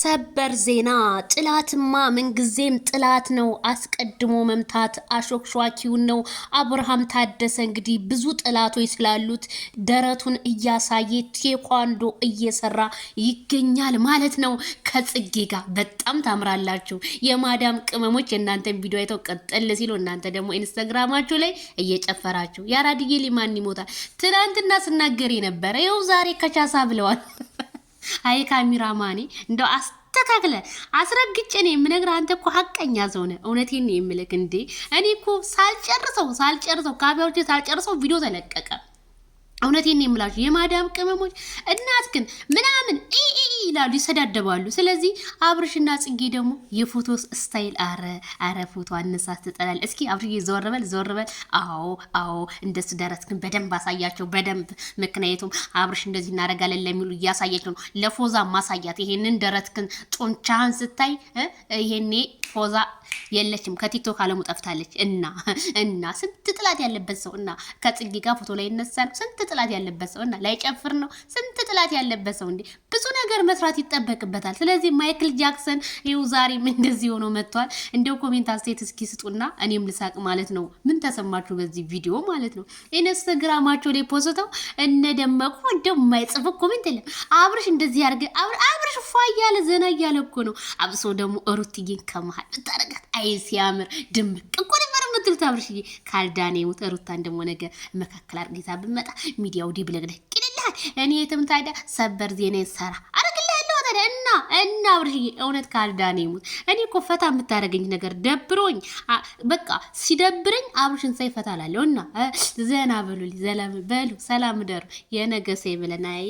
ሰበር ዜና ጥላትማ ምንጊዜም ጥላት ነው። አስቀድሞ መምታት አሾክሿኪውን ነው። አብርሃም ታደሰ እንግዲህ ብዙ ጥላቶች ስላሉት ደረቱን እያሳየ ቴኳንዶ እየሰራ ይገኛል ማለት ነው ከጽጌ ጋር። በጣም ታምራላችሁ የማዳም ቅመሞች። የእናንተን ቪዲዮ አይተው ቀጠል ሲሉ እናንተ ደግሞ ኢንስታግራማችሁ ላይ እየጨፈራችሁ ያራድዬ ሊማን ይሞታል። ትናንትና ስናገር የነበረ ይኸው ዛሬ ከቻሳ ብለዋል። አይ ካሜራማኔ እንደው አስተካክለ አስረግጭ እኔ የምነግርህ። አንተ እኮ ሀቀኛ ዘውነ እውነቴን ነው የምልክ እንዴ እኔ እኮ ሳልጨርሰው ሳልጨርሰው ካቢያዎች ሳልጨርሰው ቪዲዮ ተለቀቀ። እውነቴን ነው የምላችሁ የማዳም ቅመሞች እናት ግን ምናምን ይላሉ፣ ይሰዳደባሉ። ስለዚህ አብርሽና ጽጌ ደግሞ የፎቶ ስታይል አረ አረ ፎቶ አነሳስ ትጠላል። እስኪ አብርሽ ዘወርበል በል አዎ አዎ፣ እንደሱ ደረት ግን በደንብ አሳያቸው በደንብ ምክንያቱም አብርሽ እንደዚህ እናደርጋለን ለሚሉ እያሳያቸው ነው። ለፎዛ ማሳያት ይሄንን ደረትክን ጡንቻህን ስታይ ይሄኔ ፎዛ የለችም ከቲክቶክ አለሙ ጠፍታለች። እና እና ስንት ጥላት ያለበት ሰው እና ከጽጌ ጋር ፎቶ ላይ ይነሳ ነው። ስንት ጥላት ያለበት ሰው እና ላይጨፍር ጨፍር ነው። ስንት ጥላት ያለበት ሰው እንዴ ብዙ ነገር መስራት ይጠበቅበታል። ስለዚህ ማይክል ጃክሰን ይኸው ዛሬም እንደዚህ ሆኖ መጥቷል። እንደው ኮሜንት አስተያየት እስኪ ስጡና እኔም ልሳቅ ማለት ነው። ምን ተሰማችሁ በዚህ ቪዲዮ ማለት ነው? ኢንስተግራማቸው ላይ ፖስተው እነደመቁ ደመቁ እንደው የማይጽፍ ኮሜንት የለም። አብርሽ እንደዚህ ያርገ አብርሽ ፏ እያለ ዘና እያለ እኮ ነው። አብሶ ደግሞ ሩትዬን ከመሀል ብታረጋት አይ ሲያምር ድምቅ እኮ ነበር የምትሉት አብርሽዬ ካልዳኔ ውት ሩታን ደግሞ ነገ መካከል አርጌታ ብመጣ ሚዲያው ዲ ብለግለ እኔ የትም ታዲያ ሰበር ዜና ይሰራ እና አብርሽዬ እውነት ካልዳነ ይሙት። እኔ እኮ ፈታ የምታደርገኝ ነገር ደብሮኝ በቃ ሲደብረኝ አብርሽን ሳይ ፈታ ላለሁ እና ዘና በሉ ዘላ በሉ ሰላም ደሩ የነገሰ ሰው